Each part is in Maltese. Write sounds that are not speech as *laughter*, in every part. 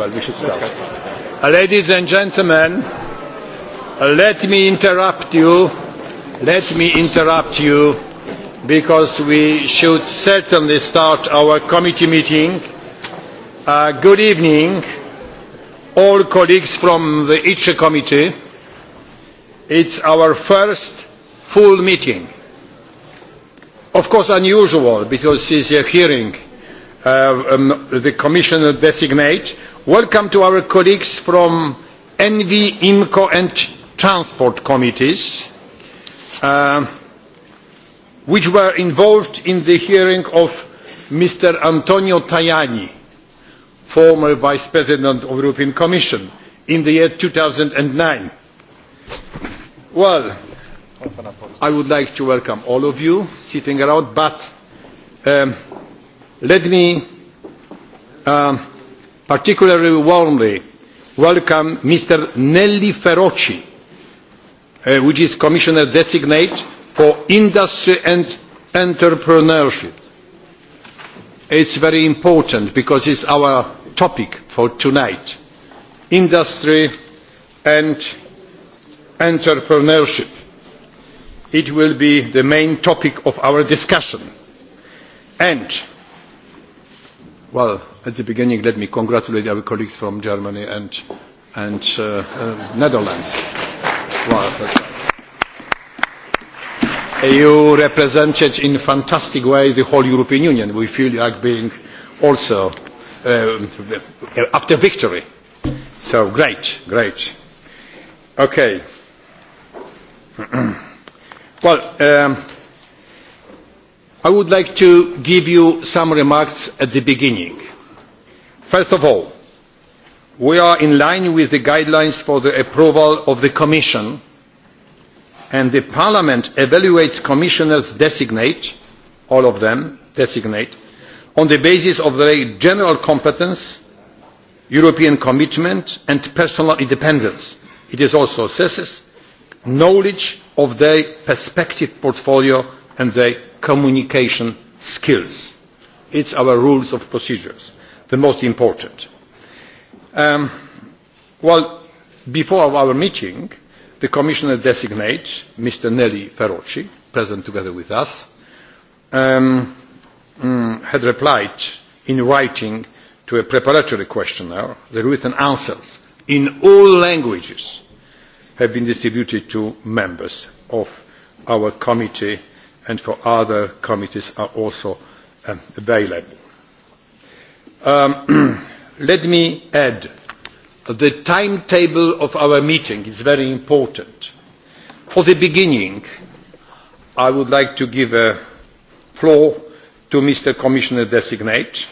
well, we should start. Ladies and gentlemen, let me interrupt you, let me interrupt you, because we should certainly start our committee meeting. Uh, good evening, all colleagues from the ICHE committee. It's our first full meeting. Of course, unusual, because this is a hearing uh, um, the commissioner designate Welcome to our colleagues from Envy, IMCO and Transport Committees, uh, which were involved in the hearing of Mr. Antonio Tajani, former Vice President of the European Commission, in the year 2009. Well, I would like to welcome all of you sitting around, but um, let me um, particularly warmly welcome Mr. Nelly Ferrocci, uh, which is Commissioner Designate for Industry and Entrepreneurship. It's very important because it's our topic for tonight, industry and entrepreneurship. It will be the main topic of our discussion. And Well, at the beginning, let me congratulate our colleagues from Germany and, and uh, uh, Netherlands. Wow, that's right. You represented in a fantastic way the whole European Union. We feel like being also uh, after victory. So great, great. Okay. *clears throat* well, um, I would like to give you some remarks at the beginning. First of all, we are in line with the guidelines for the approval of the Commission and the Parliament evaluates commissioners designate, all of them designate, on the basis of their general competence, European commitment and personal independence. It is also assesses knowledge of their perspective portfolio and their communication skills. It's our rules of procedures, the most important. Um, well, before our meeting, the Commissioner designates Mr. Nelly Ferrocci, present together with us, um, um, had replied in writing to a preparatory questionnaire. The written answers in all languages have been distributed to members of our committee and for other committees are also um, available. Um, *clears throat* let me add the timetable of our meeting is very important. For the beginning, I would like to give a floor to Mr. Commissioner Designate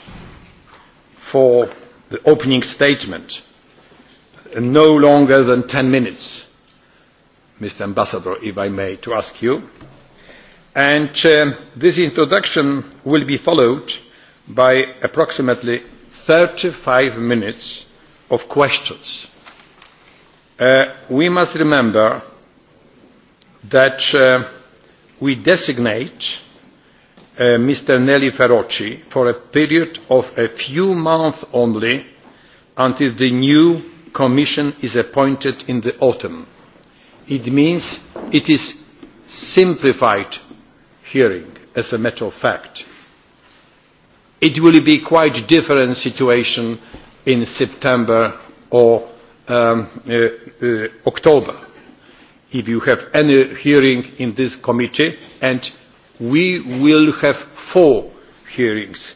for the opening statement, no longer than 10 minutes. Mr. Ambassador, if I may, to ask you. And uh, this introduction will be followed by approximately 35 minutes of questions. Uh, we must remember that uh, we designate Uh, Mr. Nelly Ferrocci for a period of a few months only until the new Commission is appointed in the autumn. It means it is simplified hearing, as a matter of fact. It will be quite different situation in September or um, uh, uh, October if you have any hearing in this committee and we will have four hearings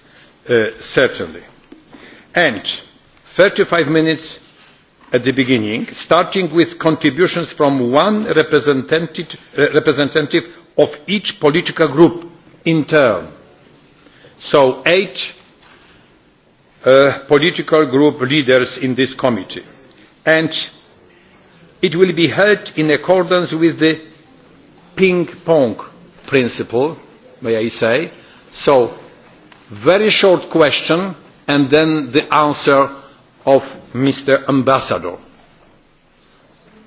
uh, certainly and 35 minutes at the beginning starting with contributions from one representative, uh, representative of each political group in turn. So eight uh, political group leaders in this committee. And it will be held in accordance with the ping-pong principle, may I say. So very short question and then the answer of Mr. Ambassador.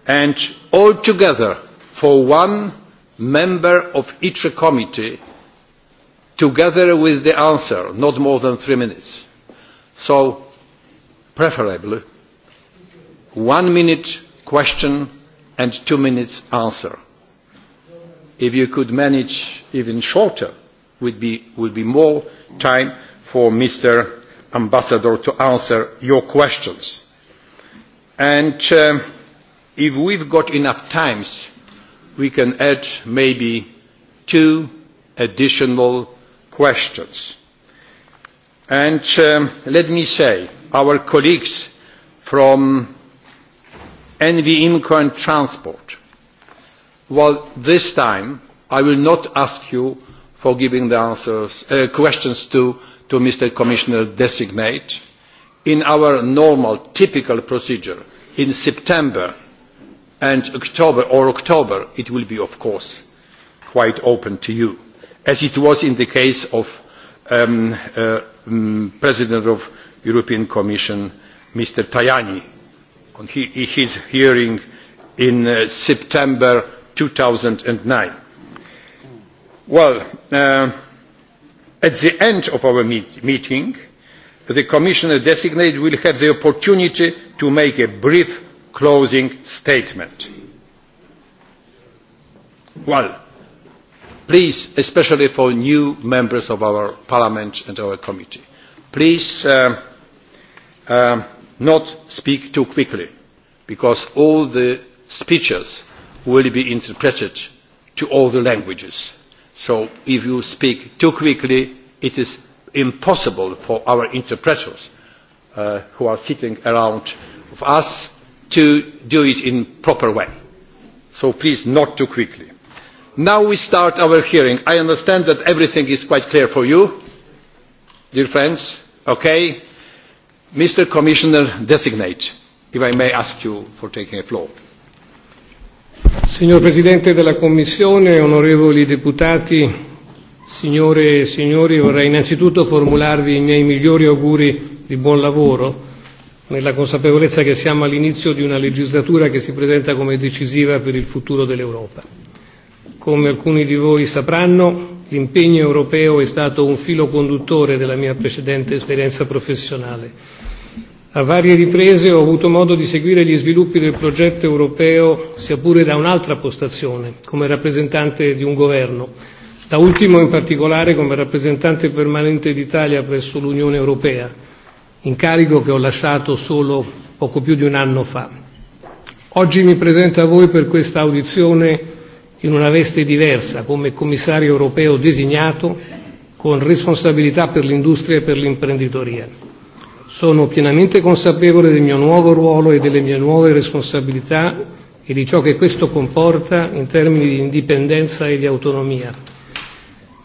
And all together for one member of each committee together with the answer, not more than three minutes. So, preferably, one minute question and two minutes answer. If you could manage even shorter, would be, would be more time for Mr. Ambassador to answer your questions. And um, if we've got enough times, we can add maybe two additional questions. And um, let me say, our colleagues from Envy Inco and Transport, well, this time I will not ask you for giving the answers, uh, questions to, to Mr. Commissioner Designate. In our normal, typical procedure, in September, and October or October, it will be, of course, quite open to you, as it was in the case of um, uh, um, President of European Commission, Mr. Tajani, on he, his hearing in uh, September 2009. Well, uh, at the end of our meet meeting, the Commissioner designate will have the opportunity to make a brief closing statement. Well, please, especially for new members of our parliament and our committee, please uh, uh, not speak too quickly because all the speeches will be interpreted to all the languages. So if you speak too quickly, it is impossible for our interpreters uh, who are sitting around of us to do it in a proper way. So please not too quickly. Now we start our hearing. I understand that everything is quite clear for you, dear friends. Okay? Mr. Commissioner Designate, if I may ask you for taking a floor. Signor Presidente della Commissione, onorevoli deputati, signore e signori, vorrei innanzitutto formularvi i miei migliori auguri di buon lavoro nella consapevolezza che siamo all'inizio di una legislatura che si presenta come decisiva per il futuro dell'Europa. Come alcuni di voi sapranno, l'impegno europeo è stato un filo conduttore della mia precedente esperienza professionale. A varie riprese ho avuto modo di seguire gli sviluppi del progetto europeo, sia pure da un'altra postazione, come rappresentante di un governo, da ultimo in particolare come rappresentante permanente d'Italia presso l'Unione Europea, incarico che ho lasciato solo poco più di un anno fa. Oggi mi presento a voi per questa audizione in una veste diversa, come commissario europeo designato con responsabilità per l'industria e per l'imprenditoria. Sono pienamente consapevole del mio nuovo ruolo e delle mie nuove responsabilità e di ciò che questo comporta in termini di indipendenza e di autonomia.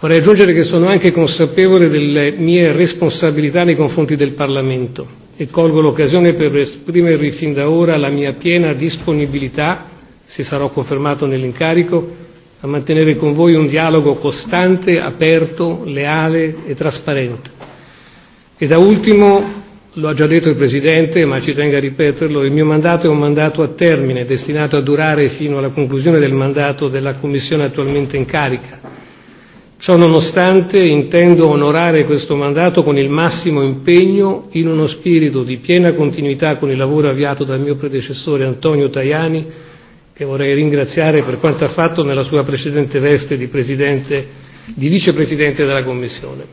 Vorrei aggiungere che sono anche consapevole delle mie responsabilità nei confronti del Parlamento e colgo l'occasione per esprimervi fin da ora la mia piena disponibilità, se sarò confermato nell'incarico, a mantenere con voi un dialogo costante, aperto, leale e trasparente. E da ultimo, lo ha già detto il Presidente, ma ci tengo a ripeterlo, il mio mandato è un mandato a termine, destinato a durare fino alla conclusione del mandato della Commissione attualmente in carica Ciononostante intendo onorare questo mandato con il massimo impegno in uno spirito di piena continuità con il lavoro avviato dal mio predecessore Antonio Tajani, che vorrei ringraziare per quanto ha fatto nella sua precedente veste di, presidente, di vicepresidente della Commissione.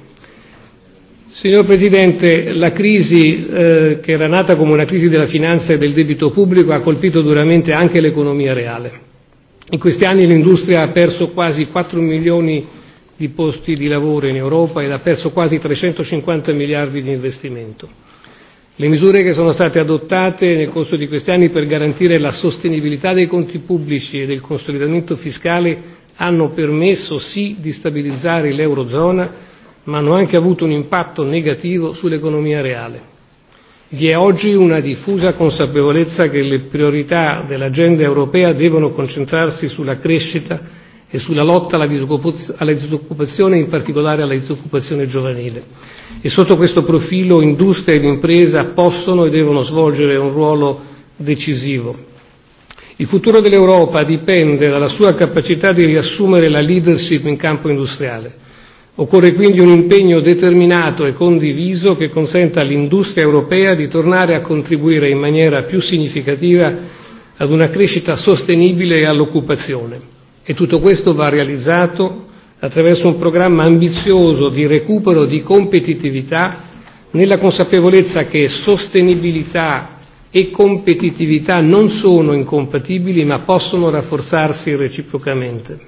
Signor Presidente, la crisi eh, che era nata come una crisi della finanza e del debito pubblico ha colpito duramente anche l'economia reale. In questi anni l'industria ha perso quasi 4 milioni di posti di lavoro in Europa ed ha perso quasi 350 miliardi di investimento. Le misure che sono state adottate nel corso di questi anni per garantire la sostenibilità dei conti pubblici e del consolidamento fiscale hanno permesso sì di stabilizzare l'Eurozona, ma hanno anche avuto un impatto negativo sull'economia reale. Vi è oggi una diffusa consapevolezza che le priorità dell'agenda europea devono concentrarsi sulla crescita e sulla lotta alla disoccupazione, alla disoccupazione in particolare alla disoccupazione giovanile. E sotto questo profilo industria ed impresa possono e devono svolgere un ruolo decisivo. Il futuro dell'Europa dipende dalla sua capacità di riassumere la leadership in campo industriale. Occorre quindi un impegno determinato e condiviso che consenta all'industria europea di tornare a contribuire in maniera più significativa ad una crescita sostenibile e all'occupazione e tutto questo va realizzato attraverso un programma ambizioso di recupero di competitività nella consapevolezza che sostenibilità e competitività non sono incompatibili ma possono rafforzarsi reciprocamente.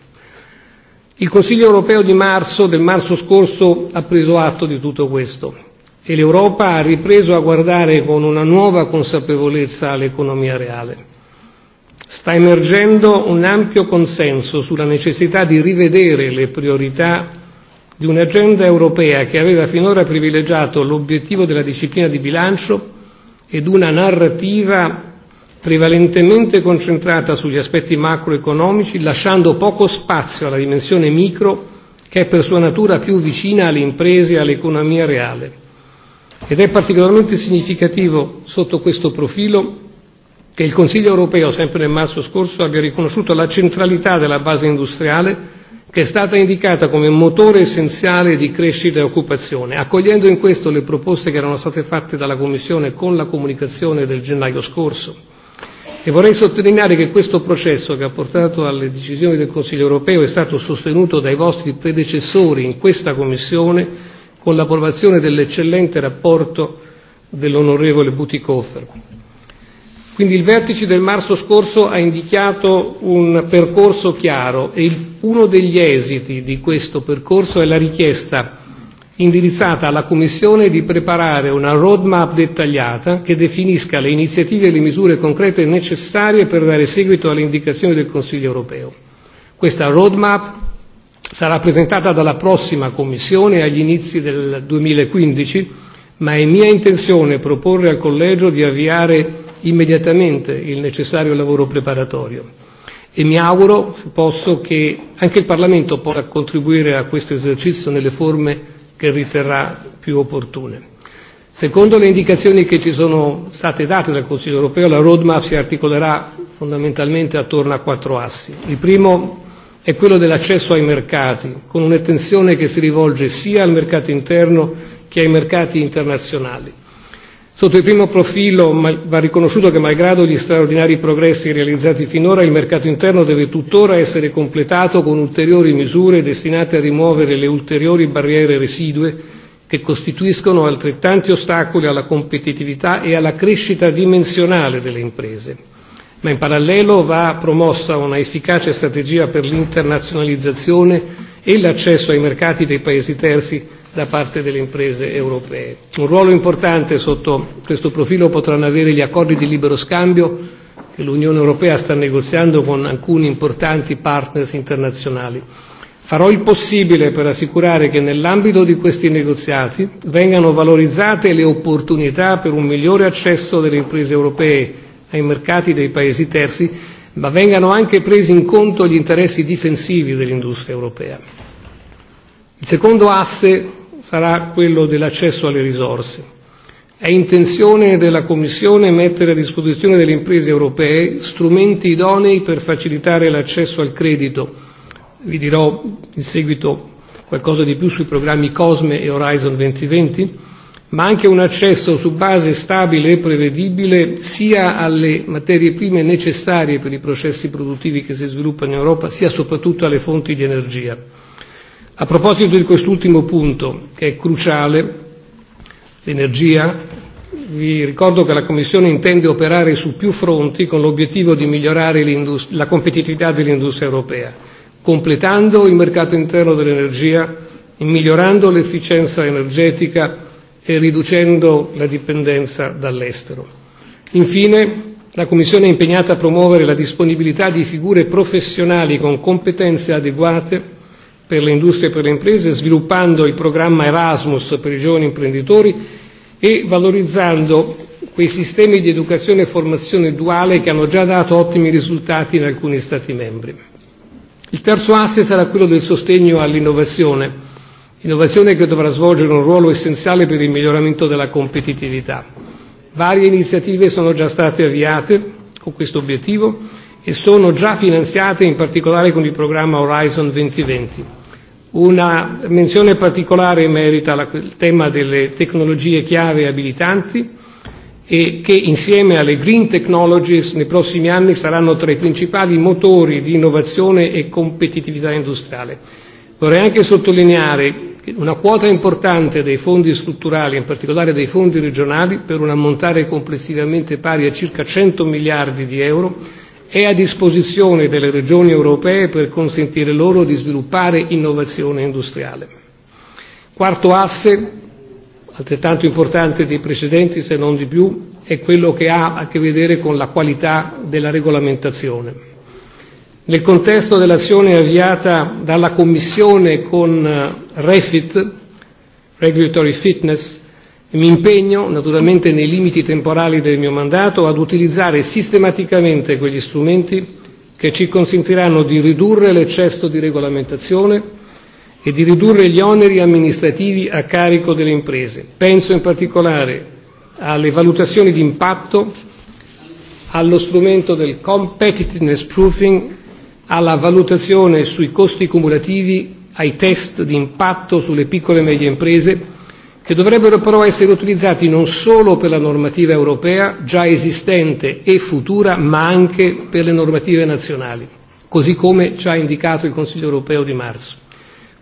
Il Consiglio europeo di marzo, del marzo scorso, ha preso atto di tutto questo e l'Europa ha ripreso a guardare con una nuova consapevolezza all'economia reale sta emergendo un ampio consenso sulla necessità di rivedere le priorità di un'agenda europea che aveva finora privilegiato l'obiettivo della disciplina di bilancio ed una narrativa prevalentemente concentrata sugli aspetti macroeconomici, lasciando poco spazio alla dimensione micro che è per sua natura più vicina alle imprese e all'economia reale. Ed è particolarmente significativo sotto questo profilo che il Consiglio europeo, sempre nel marzo scorso, abbia riconosciuto la centralità della base industriale che è stata indicata come motore essenziale di crescita e occupazione, accogliendo in questo le proposte che erano state fatte dalla Commissione con la comunicazione del gennaio scorso. E vorrei sottolineare che questo processo che ha portato alle decisioni del Consiglio europeo è stato sostenuto dai vostri predecessori in questa Commissione con l'approvazione dell'eccellente rapporto dell'onorevole Butikofer. Quindi il vertice del marzo scorso ha indicato un percorso chiaro e uno degli esiti di questo percorso è la richiesta indirizzata alla Commissione di preparare una roadmap dettagliata che definisca le iniziative e le misure concrete e necessarie per dare seguito alle indicazioni del Consiglio europeo. Questa roadmap sarà presentata dalla prossima Commissione agli inizi del 2015, ma è mia intenzione proporre al Collegio di avviare immediatamente il necessario lavoro preparatorio e mi auguro, se posso, che anche il Parlamento possa contribuire a questo esercizio nelle forme che riterrà più opportune. Secondo le indicazioni che ci sono state date dal Consiglio europeo, la roadmap si articolerà fondamentalmente attorno a quattro assi. Il primo è quello dell'accesso ai mercati, con un'attenzione che si rivolge sia al mercato interno che ai mercati internazionali. Sotto il primo profilo va riconosciuto che malgrado gli straordinari progressi realizzati finora, il mercato interno deve tuttora essere completato con ulteriori misure destinate a rimuovere le ulteriori barriere residue che costituiscono altrettanti ostacoli alla competitività e alla crescita dimensionale delle imprese. Ma in parallelo va promossa una efficace strategia per l'internazionalizzazione e l'accesso ai mercati dei paesi terzi da parte delle imprese europee. Un ruolo importante sotto questo profilo potranno avere gli accordi di libero scambio che l'Unione Europea sta negoziando con alcuni importanti partners internazionali. Farò il possibile per assicurare che nell'ambito di questi negoziati vengano valorizzate le opportunità per un migliore accesso delle imprese europee ai mercati dei paesi terzi, ma vengano anche presi in conto gli interessi difensivi dell'industria europea. Il secondo asse sarà quello dell'accesso alle risorse. È intenzione della Commissione mettere a disposizione delle imprese europee strumenti idonei per facilitare l'accesso al credito. Vi dirò in seguito qualcosa di più sui programmi Cosme e Horizon 2020, ma anche un accesso su base stabile e prevedibile sia alle materie prime necessarie per i processi produttivi che si sviluppano in Europa, sia soprattutto alle fonti di energia. A proposito di quest'ultimo punto, che è cruciale, l'energia, vi ricordo che la Commissione intende operare su più fronti con l'obiettivo di migliorare la competitività dell'industria europea, completando il mercato interno dell'energia, migliorando l'efficienza energetica e riducendo la dipendenza dall'estero. Infine, la Commissione è impegnata a promuovere la disponibilità di figure professionali con competenze adeguate per le industrie e per le imprese, sviluppando il programma Erasmus per i giovani imprenditori e valorizzando quei sistemi di educazione e formazione duale che hanno già dato ottimi risultati in alcuni Stati membri. Il terzo asse sarà quello del sostegno all'innovazione, innovazione che dovrà svolgere un ruolo essenziale per il miglioramento della competitività. Varie iniziative sono già state avviate con questo obiettivo e sono già finanziate in particolare con il programma Horizon 2020. Una menzione particolare merita il tema delle tecnologie chiave e abilitanti e che insieme alle green technologies nei prossimi anni saranno tra i principali motori di innovazione e competitività industriale. Vorrei anche sottolineare che una quota importante dei fondi strutturali, in particolare dei fondi regionali, per un ammontare complessivamente pari a circa 100 miliardi di euro, è a disposizione delle regioni europee per consentire loro di sviluppare innovazione industriale. Quarto asse, altrettanto importante dei precedenti se non di più, è quello che ha a che vedere con la qualità della regolamentazione. Nel contesto dell'azione avviata dalla Commissione con eh, REFIT, Regulatory Fitness, Mi impegno, naturalmente nei limiti temporali del mio mandato, ad utilizzare sistematicamente quegli strumenti che ci consentiranno di ridurre l'eccesso di regolamentazione e di ridurre gli oneri amministrativi a carico delle imprese. Penso in particolare alle valutazioni di impatto, allo strumento del competitiveness proofing, alla valutazione sui costi cumulativi, ai test di impatto sulle piccole e medie imprese che dovrebbero però essere utilizzati non solo per la normativa europea già esistente e futura, ma anche per le normative nazionali, così come ci ha indicato il Consiglio europeo di marzo.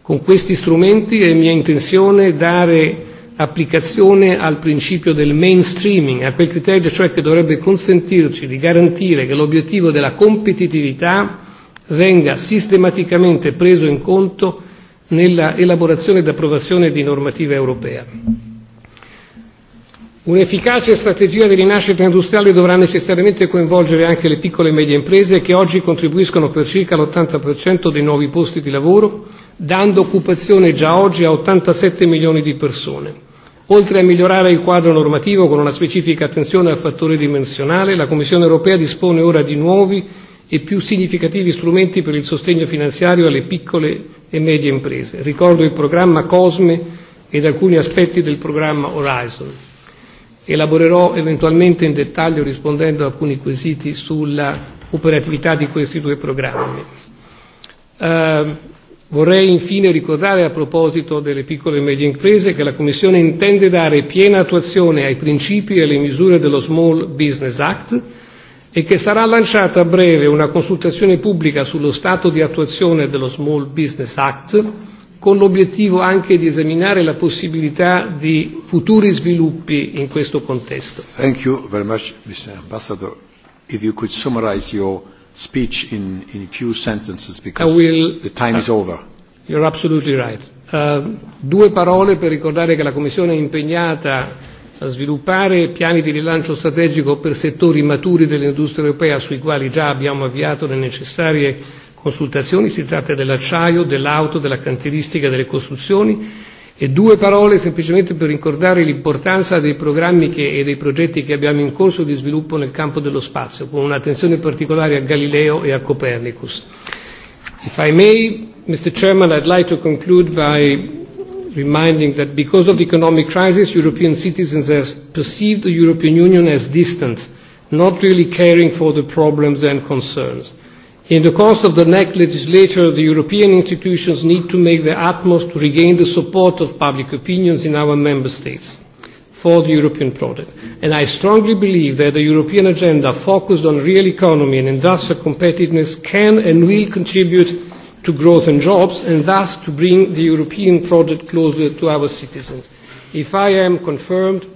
Con questi strumenti è mia intenzione dare applicazione al principio del mainstreaming, a quel criterio cioè che dovrebbe consentirci di garantire che l'obiettivo della competitività venga sistematicamente preso in conto nella elaborazione ed approvazione di normativa europea. Un'efficace strategia di rinascita industriale dovrà necessariamente coinvolgere anche le piccole e medie imprese che oggi contribuiscono per circa l'80% dei nuovi posti di lavoro, dando occupazione già oggi a 87 milioni di persone. Oltre a migliorare il quadro normativo con una specifica attenzione al fattore dimensionale, la Commissione europea dispone ora di nuovi e più significativi strumenti per il sostegno finanziario alle piccole e medie imprese. Ricordo il programma COSME ed alcuni aspetti del programma Horizon. Elaborerò eventualmente in dettaglio rispondendo a alcuni quesiti sulla operatività di questi due programmi. Eh, vorrei infine ricordare a proposito delle piccole e medie imprese che la Commissione intende dare piena attuazione ai principi e alle misure dello Small Business Act e che sarà lanciata a breve una consultazione pubblica sullo stato di attuazione dello Small Business Act con l'obiettivo anche di esaminare la possibilità di futuri sviluppi in questo contesto. Thank you very much, Mr. Ambassador. If you could summarize your speech in, in a few sentences because will, the time uh, is over. You're absolutely right. Uh, due parole per ricordare che la Commissione è impegnata a sviluppare piani di rilancio strategico per settori maturi dell'industria europea sui quali già abbiamo avviato le necessarie consultazioni, si tratta dell'acciaio, dell'auto, della cantieristica, delle costruzioni e due parole semplicemente per ricordare l'importanza dei programmi che, e dei progetti che abbiamo in corso di sviluppo nel campo dello spazio, con un'attenzione particolare a Galileo e a Copernicus. If I may, Mr. Chairman, I'd like to conclude by reminding that because of the economic crisis, European citizens have perceived the European Union as distant, not really caring for the problems and concerns. In the course of the next legislature, the European institutions need to make their utmost to regain the support of public opinions in our member states for the European project. And I strongly believe that the European agenda focused on real economy and industrial competitiveness can and will contribute to growth and jobs and thus to bring the European project closer to our citizens. If I am confirmed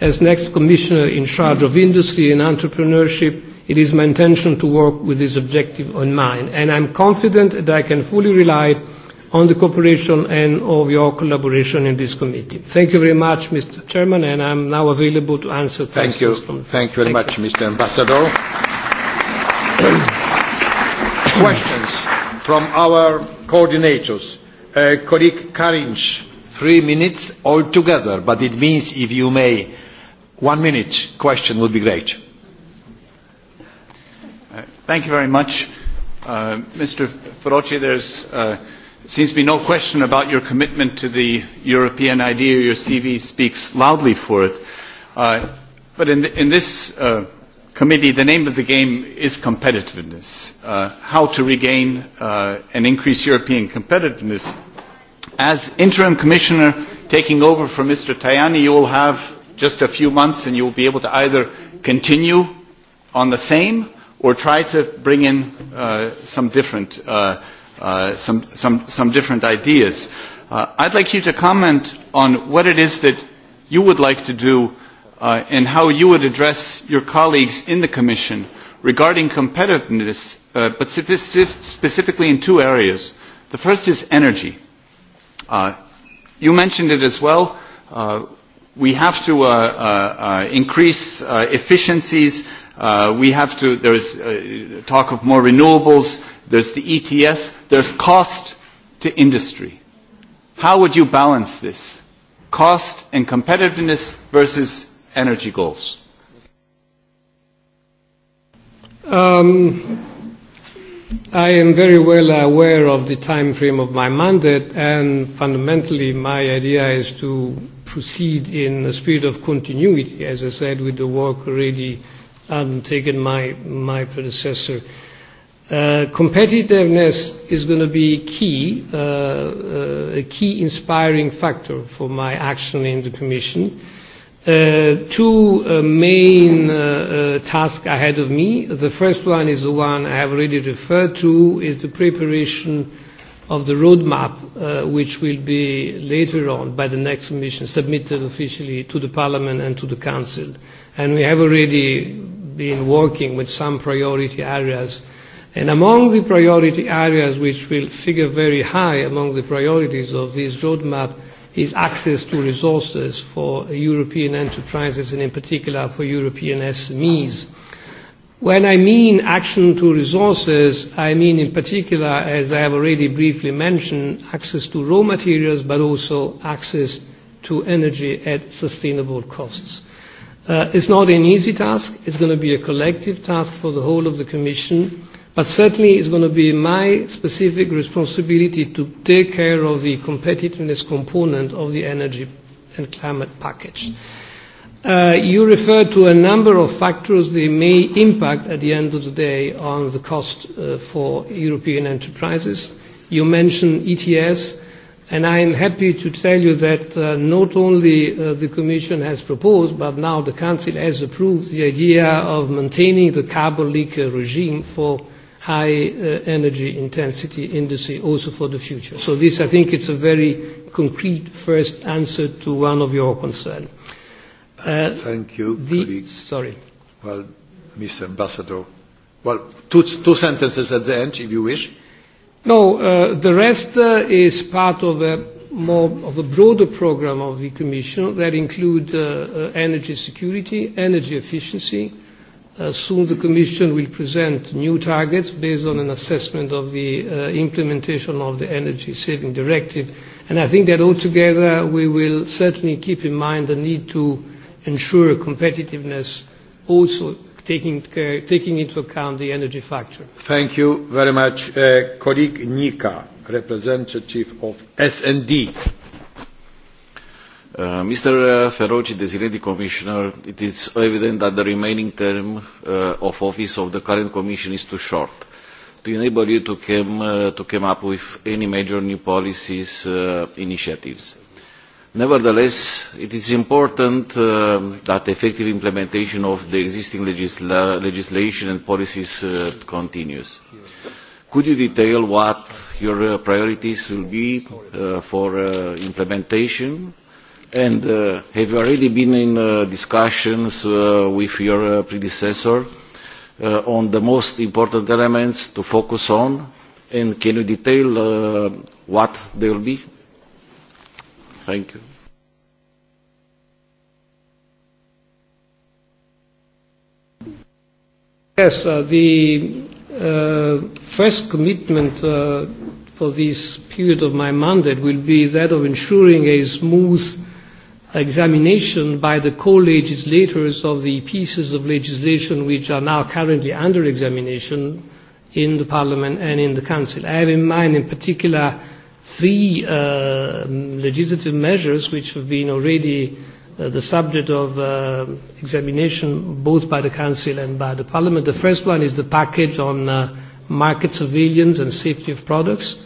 as next commissioner in charge of industry and entrepreneurship, it is my intention to work with this objective in mind and I'm confident that I can fully rely on the cooperation and of your collaboration in this committee. Thank you very much, Mr. Chairman, and I'm now available to answer Thank You. From Thank you very Thank much, you. Mr. Ambassador. *coughs* Question from our coordinators. Uh, colleague Karinch. Three minutes altogether, but it means if you may, one minute question would be great. Uh, thank you very much. Uh, Mr. Ferrocci, there uh, seems to be no question about your commitment to the European idea. Your CV speaks loudly for it. Uh, but in, the, in this uh, committee, the name of the game is competitiveness. Uh, how to regain uh, and increase European competitiveness. As interim commissioner taking over from Mr. Tajani, you will have just a few months and you will be able to either continue on the same or try to bring in uh, some different uh, uh, some, some, some different ideas. Uh, I'd like you to comment on what it is that you would like to do uh, and how you would address your colleagues in the Commission regarding competitiveness, uh, but specific, specifically in two areas. The first is energy. Uh, you mentioned it as well. Uh, we have to uh, uh, uh, increase uh, efficiencies. Uh, we have to, there's uh, talk of more renewables. There's the ETS. There's cost to industry. How would you balance this? Cost and competitiveness versus energy goals? Um, I am very well aware of the time frame of my mandate and fundamentally my idea is to proceed in a spirit of continuity, as I said, with the work already undertaken um, my, my predecessor. Uh, competitiveness is going to be key, uh, uh, a key inspiring factor for my action in the Commission. Uh, two uh, main uh, uh, tasks ahead of me. The first one is the one I have already referred to, is the preparation of the roadmap, uh, which will be later on by the next commission submitted officially to the Parliament and to the Council. And we have already been working with some priority areas. And among the priority areas which will figure very high among the priorities of this roadmap is access to resources for European enterprises and in particular for European SMEs. When I mean action to resources, I mean in particular, as I have already briefly mentioned, access to raw materials, but also access to energy at sustainable costs. Uh, it's not an easy task. It's going to be a collective task for the whole of the Commission. But certainly it's going to be my specific responsibility to take care of the competitiveness component of the energy and climate package. Uh, you referred to a number of factors that may impact at the end of the day on the cost uh, for European enterprises. You mentioned ETS, and I am happy to tell you that uh, not only uh, the Commission has proposed, but now the Council has approved the idea of maintaining the carbon leak regime for high uh, energy intensity industry also for the future. So this, I think, it's a very concrete first answer to one of your concerns. Uh, Thank you, the, colleague. Sorry. Well, Mr. Ambassador, well, two, two sentences at the end, if you wish. No, uh, the rest uh, is part of a more of a broader program of the Commission that includes uh, uh, energy security, energy efficiency, Uh, soon the Commission will present new targets based on an assessment of the uh, implementation of the Energy Saving Directive. And I think that altogether we will certainly keep in mind the need to ensure competitiveness also taking, uh, taking into account the energy factor. Thank you very much. Uh, colleague Nika, representative of SND. Uh, Mr. Uh, Ferroci, designated commissioner, it is evident that the remaining term uh, of office of the current commission is too short to enable you to come, uh, to come up with any major new policies, uh, initiatives. Nevertheless, it is important uh, that effective implementation of the existing legisla legislation and policies uh, continues. Could you detail what your uh, priorities will be uh, for uh, implementation And uh, have you already been in uh, discussions uh, with your uh, predecessor uh, on the most important elements to focus on? And can you detail uh, what they will be? Thank you. Yes, uh, the uh, first commitment uh, for this period of my mandate will be that of ensuring a smooth examination by the co-legislators of the pieces of legislation which are now currently under examination in the Parliament and in the Council. I have in mind in particular three uh, legislative measures which have been already uh, the subject of uh, examination both by the Council and by the Parliament. The first one is the package on uh, market surveillance and safety of products.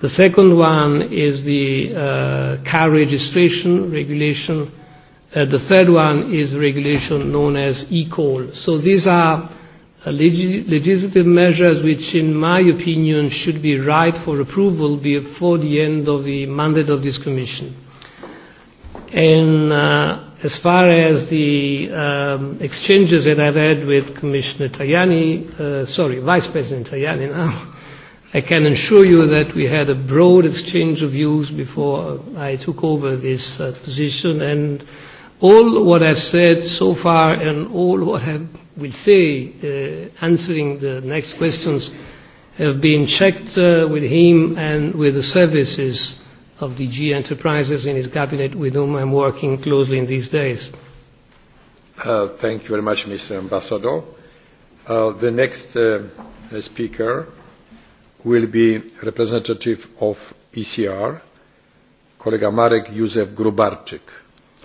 The second one is the uh, car registration regulation. Uh, the third one is regulation known as e-call. So these are uh, leg legislative measures which, in my opinion, should be right for approval before the end of the mandate of this commission. And uh, as far as the um, exchanges that I've had with Commissioner Tajani, uh, sorry, Vice President Tajani now, I can assure you that we had a broad exchange of views before I took over this uh, position and all what I've said so far and all what I will say uh, answering the next questions have been checked uh, with him and with the services of DG Enterprises in his cabinet with whom I'm working closely in these days. Uh, thank you very much, Mr. Ambassador. Uh, the next uh, speaker will be representative of ECR, kolega Marek Józef Grubarczyk.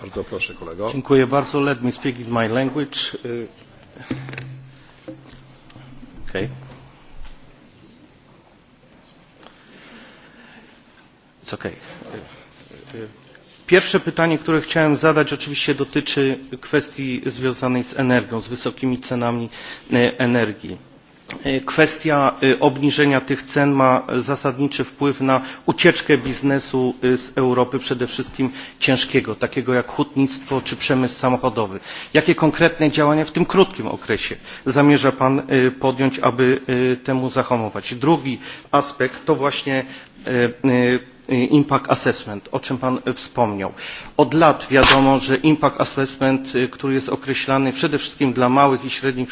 Bardzo proszę, kolego. Dziękuję bardzo. Let me speak in my language. Okay. It's okay. Pierwsze pytanie, które chciałem zadać, oczywiście dotyczy kwestii związanej z energią, z wysokimi cenami energii E, kwestia e, obniżenia tych cen ma zasadniczy wpływ na ucieczkę biznesu e, z Europy, przede wszystkim ciężkiego, takiego jak hutnictwo czy przemysł samochodowy. Jakie konkretne działania w tym krótkim okresie zamierza Pan podjąć, aby temu zahamować? Drugi aspekt to właśnie impact assessment, o czym Pan wspomniał. Od lat wiadomo, że impact assessment, który jest określany przede wszystkim dla małych i średnich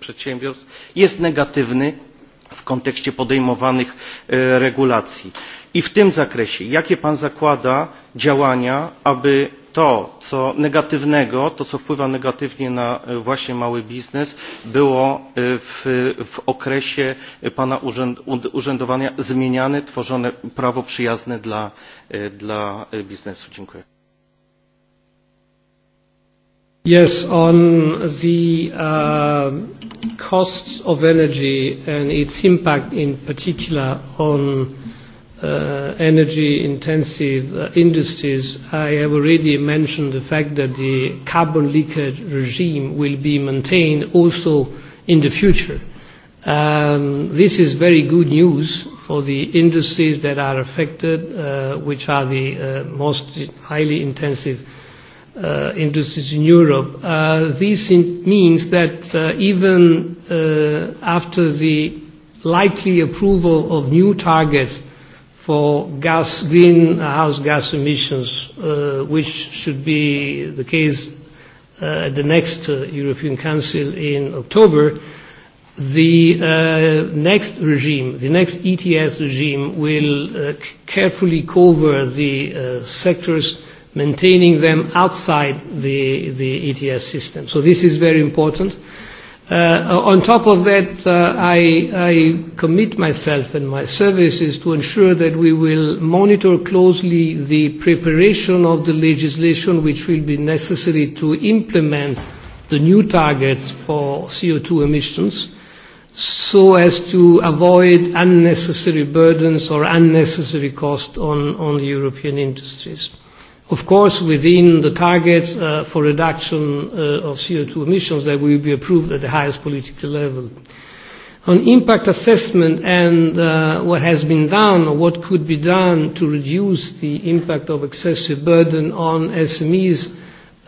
przedsiębiorstw, jest negatywny w kontekście podejmowanych regulacji. I w tym zakresie, jakie Pan zakłada działania, aby to, co negatywnego, to co wpływa negatywnie na e, właśnie mały biznes, było e, w, w okresie Pana urzęd, urzędowania zmieniane, tworzone prawo przyjazne dla, e, dla biznesu. Dziękuję. Yes, on the uh, costs of energy and its impact in particular on uh, energy intensive uh, industries, I have already mentioned the fact that the carbon leakage regime will be maintained also in the future. Um, this is very good news for the industries that are affected, uh, which are the uh, most highly intensive uh, industries in Europe. Uh, this in means that uh, even uh, after the likely approval of new targets for gas, greenhouse gas emissions, uh, which should be the case uh, at the next uh, European Council in October, the uh, next regime, the next ETS regime, will uh, carefully cover the uh, sectors maintaining them outside the, the ETS system. So this is very important. Uh, on top of that, uh, I, I commit myself and my services to ensure that we will monitor closely the preparation of the legislation which will be necessary to implement the new targets for CO2 emissions so as to avoid unnecessary burdens or unnecessary cost on, on the European industries. Of course, within the targets uh, for reduction uh, of CO2 emissions that will be approved at the highest political level. On impact assessment and uh, what has been done or what could be done to reduce the impact of excessive burden on SMEs,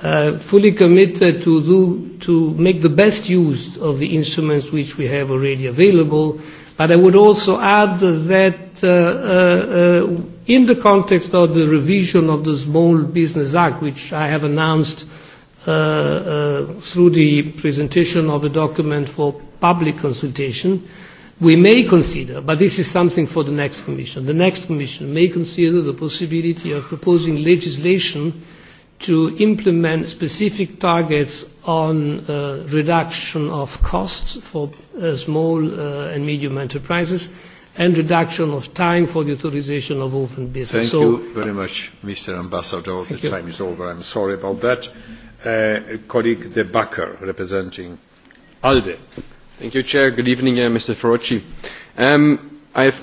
uh, fully committed to, do, to make the best use of the instruments which we have already available. But I would also add that uh, uh, uh, in the context of the revision of the Small Business Act, which I have announced uh, uh, through the presentation of a document for public consultation, we may consider, but this is something for the next commission, the next commission may consider the possibility of proposing legislation to implement specific targets on uh, reduction of costs for uh, small uh, and medium enterprises and reduction of time for the authorization of orphan business. Thank so, you very much, Mr. Ambassador. The you. time is over. I'm sorry about that. Uh, colleague De Backer, representing ALDE. Thank you, Chair. Good evening, uh, Mr. Ferrucci. Um, I have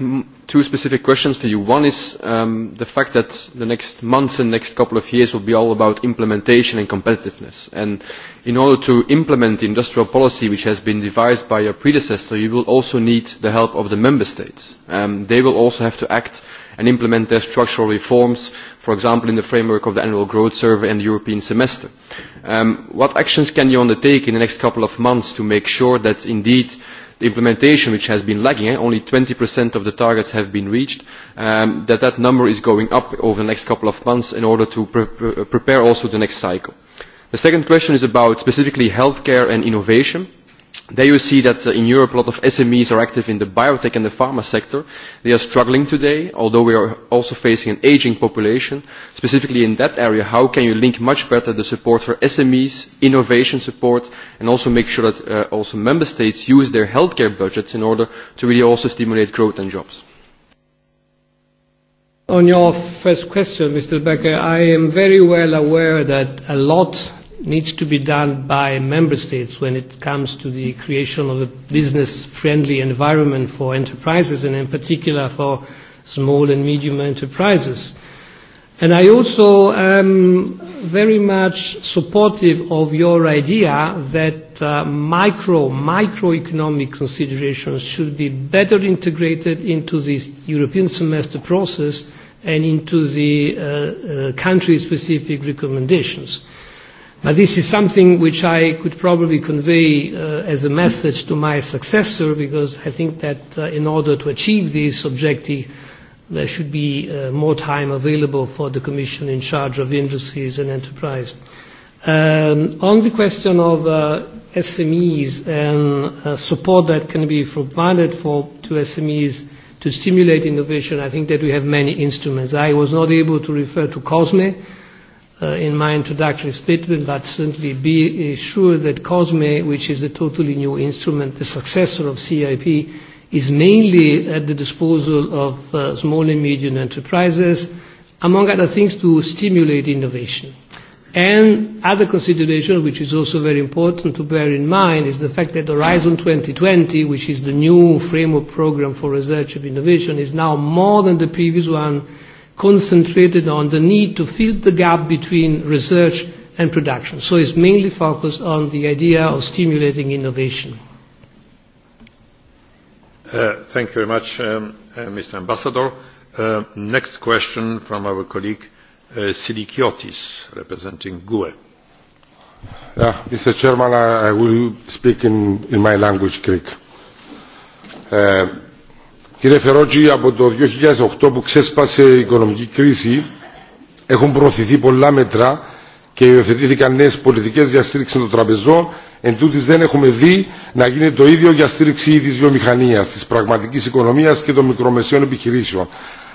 two specific questions for you. One is um, the fact that the next months and next couple of years will be all about implementation and competitiveness. And in order to implement the industrial policy which has been devised by your predecessor, you will also need the help of the member states. Um, they will also have to act and implement their structural reforms, for example, in the framework of the annual growth survey and the European semester. Um, what actions can you undertake in the next couple of months to make sure that indeed the implementation which has been lagging, eh, only 20% of the targets have been reached, um, that that number is going up over the next couple of months in order to pre pre prepare also the next cycle. The second question is about specifically healthcare and innovation. There you see that uh, in Europe a lot of SMEs are active in the biotech and the pharma sector. They are struggling today, although we are also facing an aging population. Specifically in that area, how can you link much better the support for SMEs, innovation support, and also make sure that uh, also member states use their healthcare budgets in order to really also stimulate growth and jobs? On your first question, Mr. Becker, I am very well aware that a lot needs to be done by member states when it comes to the creation of a business-friendly environment for enterprises and in particular for small and medium enterprises. And I also am very much supportive of your idea that uh, micro, microeconomic considerations should be better integrated into this European semester process and into the uh, uh, country-specific recommendations. But this is something which I could probably convey uh, as a message to my successor because I think that uh, in order to achieve this objective there should be uh, more time available for the Commission in charge of industries and enterprise. Um, on the question of uh, SMEs and uh, support that can be provided for to SMEs to stimulate innovation, I think that we have many instruments. I was not able to refer to COSME, uh, in my introductory statement, but certainly be sure that COSME, which is a totally new instrument, the successor of CIP, is mainly at the disposal of uh, small and medium enterprises, among other things, to stimulate innovation. And other consideration, which is also very important to bear in mind, is the fact that Horizon 2020, which is the new framework program for research and innovation, is now more than the previous one concentrated on the need to fill the gap between research and production. So it's mainly focused on the idea of stimulating innovation. Uh, thank you very much, um, uh, Mr. Ambassador. Uh, next question from our colleague uh, Silikiotis, representing GUE. Uh, Mr. Chairman, I will speak in, in my language, Greek. Uh, Κύριε Φερότζη, από το 2008 που ξέσπασε η οικονομική κρίση έχουν προωθηθεί πολλά μέτρα και υιοθετήθηκαν νέες πολιτικές για στήριξη των τραπεζών, εν τούτης δεν έχουμε δει να γίνει το ίδιο για στήριξη της βιομηχανίας, της πραγματικής οικονομίας και των μικρομεσαίων επιχειρήσεων.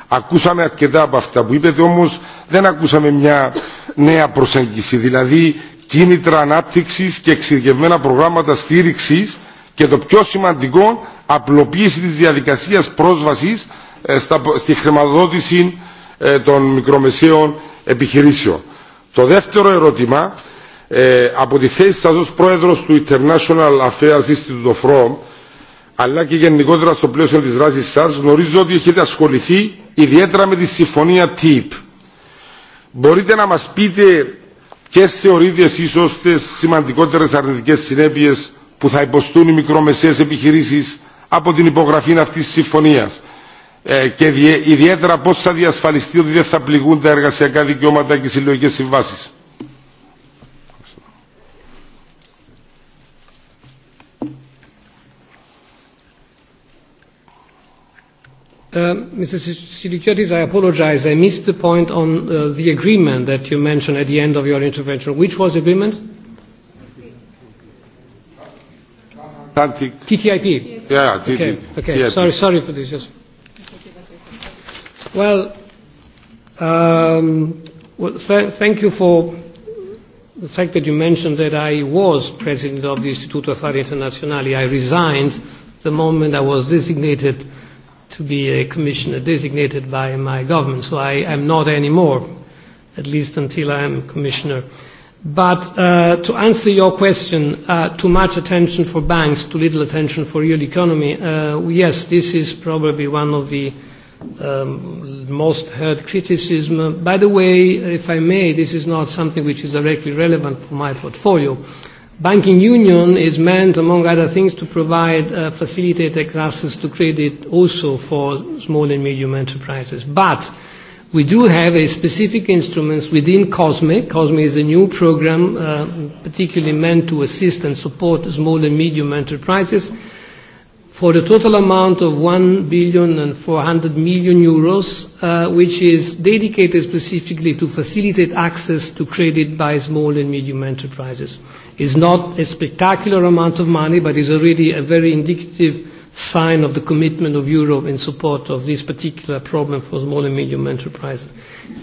Ακούσαμε αρκετά από αυτά που είπετε, όμως δεν ακούσαμε μια νέα προσέγγιση, δηλαδή κίνητρα ανάπτυξης και εξειδικευμένα προγράμματα στήριξης και το πιο σημαντικό απλοποίηση της διαδικασίας πρόσβασης στα, στη χρηματοδότηση των μικρομεσαίων επιχειρήσεων. Το δεύτερο ερώτημα ε, από τη θέση σας ως πρόεδρος του International Affairs Institute of Rome αλλά και γενικότερα στο πλαίσιο της δράσης σας γνωρίζω ότι έχετε ασχοληθεί ιδιαίτερα με τη συμφωνία TIP. Μπορείτε να μας πείτε ποιες θεωρείτε εσείς ως τις σημαντικότερες αρνητικές συνέπειες που θα υποστούν οι μικρομεσαίες επιχειρήσεις από την υπογραφή αυτής της συμφωνίας ε, και διε, ιδιαίτερα πώς θα διασφαλιστεί ότι δεν θα πληγούν τα εργασιακά δικαιώματα και συλλογικές συμβάσεις. Uh, Mr. Silikiotis, I apologize. I missed the point on uh, the agreement that you mentioned at the end of your intervention. Which was the agreement? Atlantic. TTIP? Yeah, TTIP. Okay, okay. TTIP. sorry, sorry for this. Yes. Well, um, well th thank you for the fact that you mentioned that I was president of the Instituto Affari Internazionali. I resigned the moment I was designated to be a commissioner designated by my government, so I am not anymore, at least until I am commissioner. But uh, to answer your question, uh, too much attention for banks, too little attention for real economy, uh, yes, this is probably one of the um, most heard criticism. By the way, if I may, this is not something which is directly relevant for my portfolio. Banking union is meant, among other things, to provide uh, facilitated access to credit also for small and medium enterprises. But We do have a specific instruments within COSME. COSME is a new program uh, particularly meant to assist and support small and medium enterprises for the total amount of 1 billion and 400 million euros, uh, which is dedicated specifically to facilitate access to credit by small and medium enterprises. It's not a spectacular amount of money, but it's already a very indicative sign of the commitment of Europe in support of this particular problem for small and medium enterprises.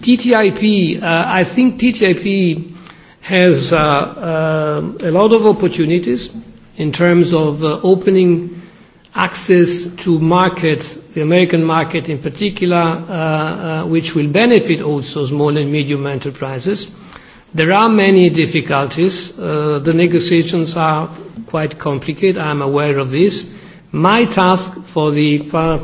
TTIP, uh, I think TTIP has uh, uh, a lot of opportunities in terms of uh, opening access to markets, the American market in particular, uh, uh, which will benefit also small and medium enterprises. There are many difficulties. Uh, the negotiations are quite complicated. I'm aware of this. My task for the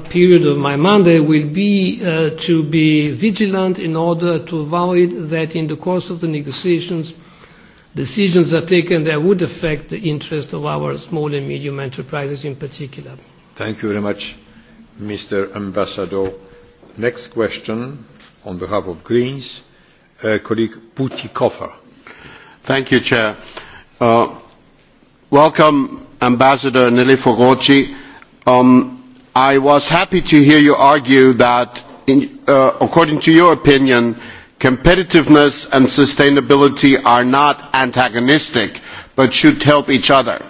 period of my mandate will be uh, to be vigilant in order to avoid that in the course of the negotiations decisions are taken that would affect the interest of our small and medium enterprises in particular. Thank you very much, Mr. Ambassador. Next question on behalf of Greens, uh, colleague Putikoffer. Thank you, Chair. Uh, welcome Ambassador Nelly Fogoci, um, I was happy to hear you argue that, in, uh, according to your opinion, competitiveness and sustainability are not antagonistic but should help each other.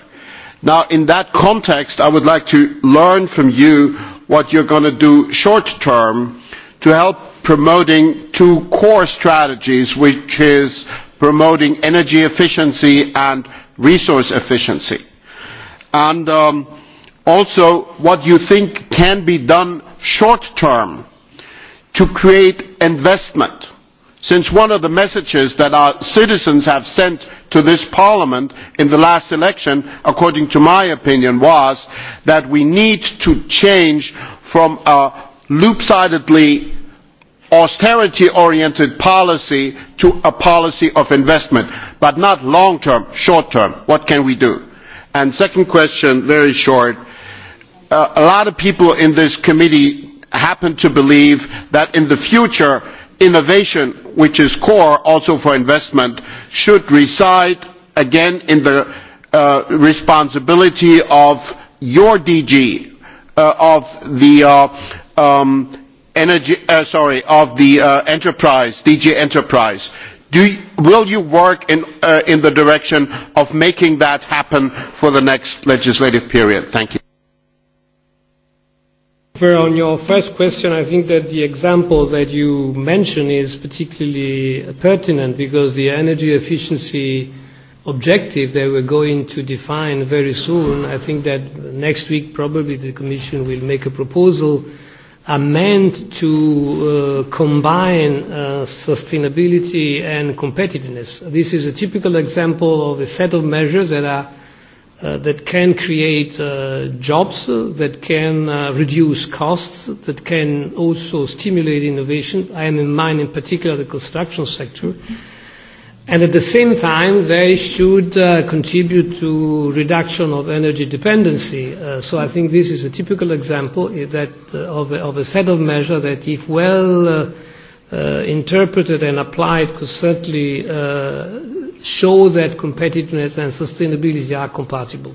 Now, in that context, I would like to learn from you what you're going to do short term to help promoting two core strategies, which is promoting energy efficiency and resource efficiency and um, also what you think can be done short term to create investment. Since one of the messages that our citizens have sent to this parliament in the last election, according to my opinion, was that we need to change from a loopsidedly austerity oriented policy to a policy of investment, but not long term, short term. What can we do? And second question, very short. Uh, a lot of people in this committee happen to believe that in the future, innovation, which is core also for investment, should reside again in the uh, responsibility of your DG, uh, of the uh, um, energy, uh, sorry, of the uh, enterprise, DG enterprise Do you, will you work in, uh, in the direction of making that happen for the next legislative period? Thank you. On your first question, I think that the example that you mention is particularly pertinent because the energy efficiency objective that we're going to define very soon, I think that next week probably the Commission will make a proposal are meant to uh, combine uh, sustainability and competitiveness. This is a typical example of a set of measures that, are, uh, that can create uh, jobs, uh, that can uh, reduce costs, that can also stimulate innovation. I am in mind in particular the construction sector. Mm -hmm And at the same time, they should uh, contribute to reduction of energy dependency. Uh, so I think this is a typical example that, uh, of, a, of a set of measures that, if well uh, uh, interpreted and applied, could certainly uh, show that competitiveness and sustainability are compatible.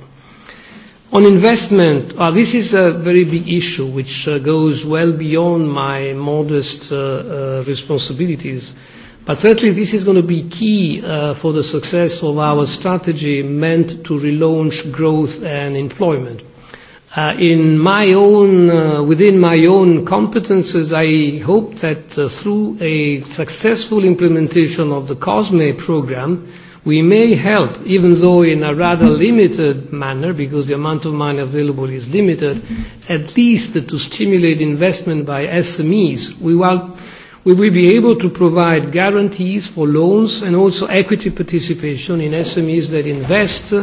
On investment, uh, this is a very big issue which uh, goes well beyond my modest uh, uh, responsibilities. Uh, But certainly this is going to be key uh, for the success of our strategy meant to relaunch growth and employment. Uh, in my own, uh, within my own competences, I hope that uh, through a successful implementation of the COSME program, we may help, even though in a rather limited manner, because the amount of money available is limited, at least to stimulate investment by SMEs. We, will we will be able to provide guarantees for loans and also equity participation in SMEs that invest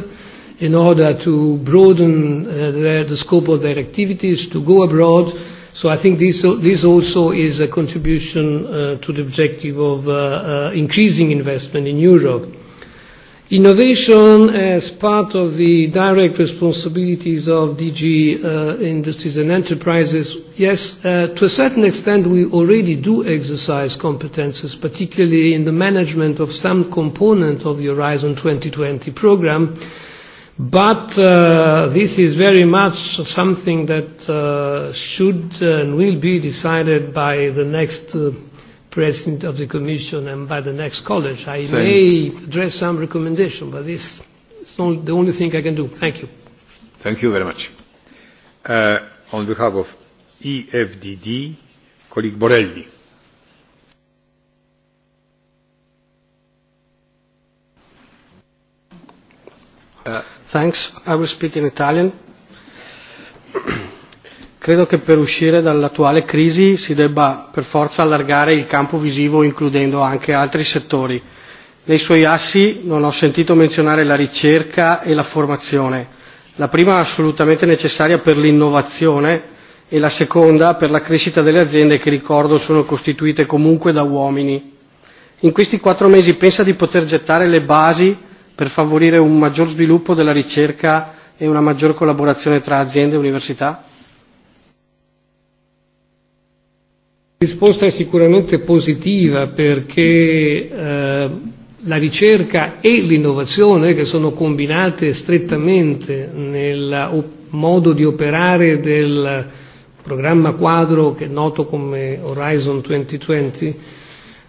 in order to broaden uh, their, the scope of their activities, to go abroad. So I think this, this also is a contribution uh, to the objective of uh, uh, increasing investment in Europe. Innovation as part of the direct responsibilities of DG uh, Industries and Enterprises, yes, uh, to a certain extent we already do exercise competences, particularly in the management of some component of the Horizon 2020 program, but uh, this is very much something that uh, should and will be decided by the next uh, President of the Commission and by the next college. I Thank may address some recommendation, but this is not the only thing I can do. Thank you. Thank you very much. Uh, on behalf of EFDD, colleague Borelli. Uh, Thanks. I will speak in Italian. Credo che per uscire dall'attuale crisi si debba per forza allargare il campo visivo includendo anche altri settori. Nei suoi assi non ho sentito menzionare la ricerca e la formazione, la prima è assolutamente necessaria per l'innovazione e la seconda per la crescita delle aziende che ricordo sono costituite comunque da uomini. In questi quattro mesi pensa di poter gettare le basi per favorire un maggior sviluppo della ricerca e una maggior collaborazione tra aziende e università? risposta è sicuramente positiva perché eh, la ricerca e l'innovazione che sono combinate strettamente nel modo di operare del programma quadro che è noto come Horizon 2020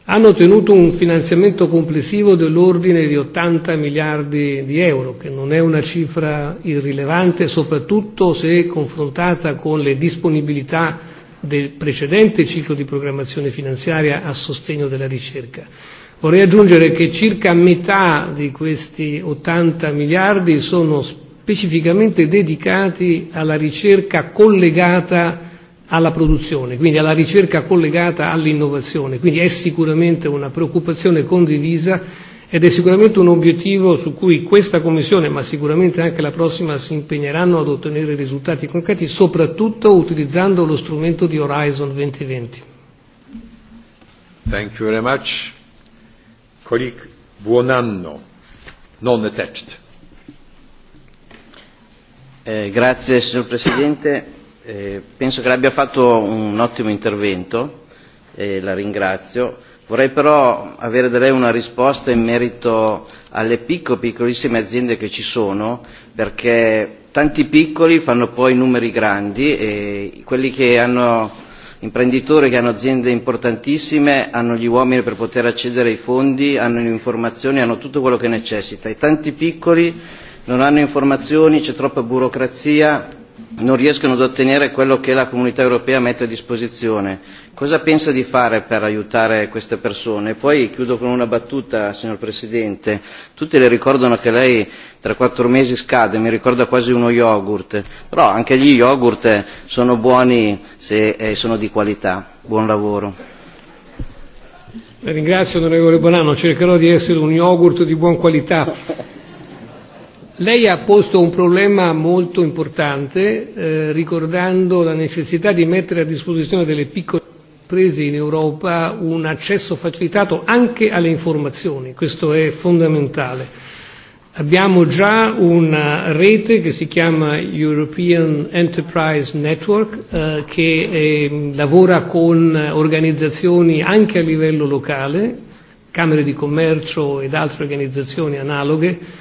hanno ottenuto un finanziamento complessivo dell'ordine di 80 miliardi di euro, che non è una cifra irrilevante, soprattutto se confrontata con le disponibilità del precedente ciclo di programmazione finanziaria a sostegno della ricerca. Vorrei aggiungere che circa metà di questi 80 miliardi sono specificamente dedicati alla ricerca collegata alla produzione, quindi alla ricerca collegata all'innovazione, quindi è sicuramente una preoccupazione condivisa ed è sicuramente un obiettivo su cui questa Commissione, ma sicuramente anche la prossima, si impegneranno ad ottenere risultati concreti, soprattutto utilizzando lo strumento di Horizon 2020. Thank you very much. Colleague, buon anno. Non attached. Eh, grazie signor Presidente. Eh, penso che abbia fatto un ottimo intervento, eh, la ringrazio Vorrei però avere da lei una risposta in merito alle piccole, piccolissime aziende che ci sono, perché tanti piccoli fanno poi numeri grandi e quelli che hanno imprenditori che hanno aziende importantissime hanno gli uomini per poter accedere ai fondi, hanno le informazioni, hanno tutto quello che necessita e tanti piccoli non hanno informazioni, c'è troppa burocrazia non riescono ad ottenere quello che la comunità europea mette a disposizione. Cosa pensa di fare per aiutare queste persone? Poi chiudo con una battuta, signor Presidente. Tutti le ricordano che lei tra quattro mesi scade, mi ricorda quasi uno yogurt, però anche gli yogurt sono buoni se e sono di qualità. Buon lavoro. La ringrazio onorevole Bonanno, cercherò di essere un yogurt di buona qualità. *laughs* Lei ha posto un problema molto importante eh, ricordando la necessità di mettere a disposizione delle piccole imprese in Europa un accesso facilitato anche alle informazioni, questo è fondamentale. Abbiamo già una rete che si chiama European Enterprise Network eh, che eh, lavora con organizzazioni anche a livello locale, Camere di Commercio ed altre organizzazioni analoghe,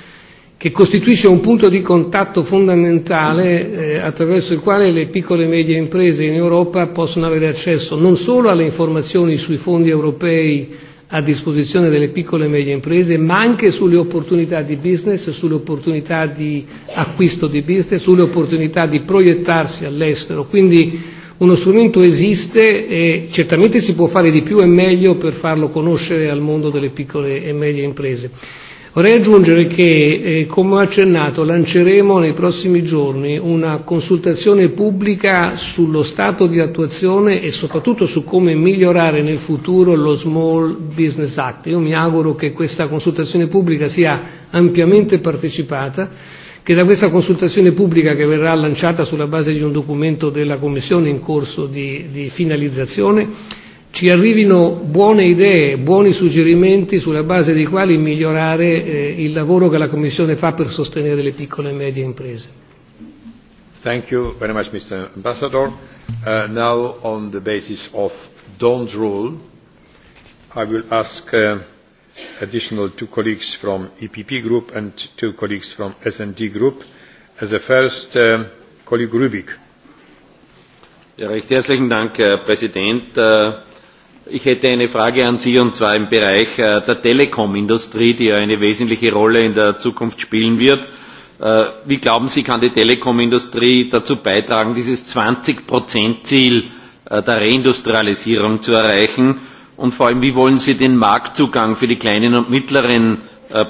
che costituisce un punto di contatto fondamentale eh, attraverso il quale le piccole e medie imprese in Europa possono avere accesso non solo alle informazioni sui fondi europei a disposizione delle piccole e medie imprese, ma anche sulle opportunità di business, sulle opportunità di acquisto di business, sulle opportunità di proiettarsi all'estero. Quindi uno strumento esiste e certamente si può fare di più e meglio per farlo conoscere al mondo delle piccole e medie imprese. Vorrei aggiungere che, eh, come ho accennato, lanceremo nei prossimi giorni una consultazione pubblica sullo stato di attuazione e soprattutto su come migliorare nel futuro lo Small Business Act. Io mi auguro che questa consultazione pubblica sia ampiamente partecipata che da questa consultazione pubblica che verrà lanciata sulla base di un documento della Commissione in corso di, di finalizzazione ci arrivino buone idee, buoni suggerimenti sulla base dei quali migliorare eh, il lavoro che la Commissione fa per sostenere le piccole e medie imprese. Thank you very much, Mr. Ambassador. Uh, now, on the basis of Don's rule, I will ask uh, additional two colleagues from EPP Group and two colleagues from S&D Group. As a first, um, colleague Rubik. Ja, recht herzlichen Dank, Herr Präsident. Uh, Ich hätte eine Frage an Sie und zwar im Bereich äh, der Telekom-Industrie, die ja eine wesentliche Rolle in der Zukunft spielen wird. Äh, wie glauben Sie, kann die Telekom-Industrie dazu beitragen, dieses 20-Prozent-Ziel äh, der Reindustrialisierung zu erreichen? Und vor allem, wie wollen Sie den Marktzugang für die kleinen und mittleren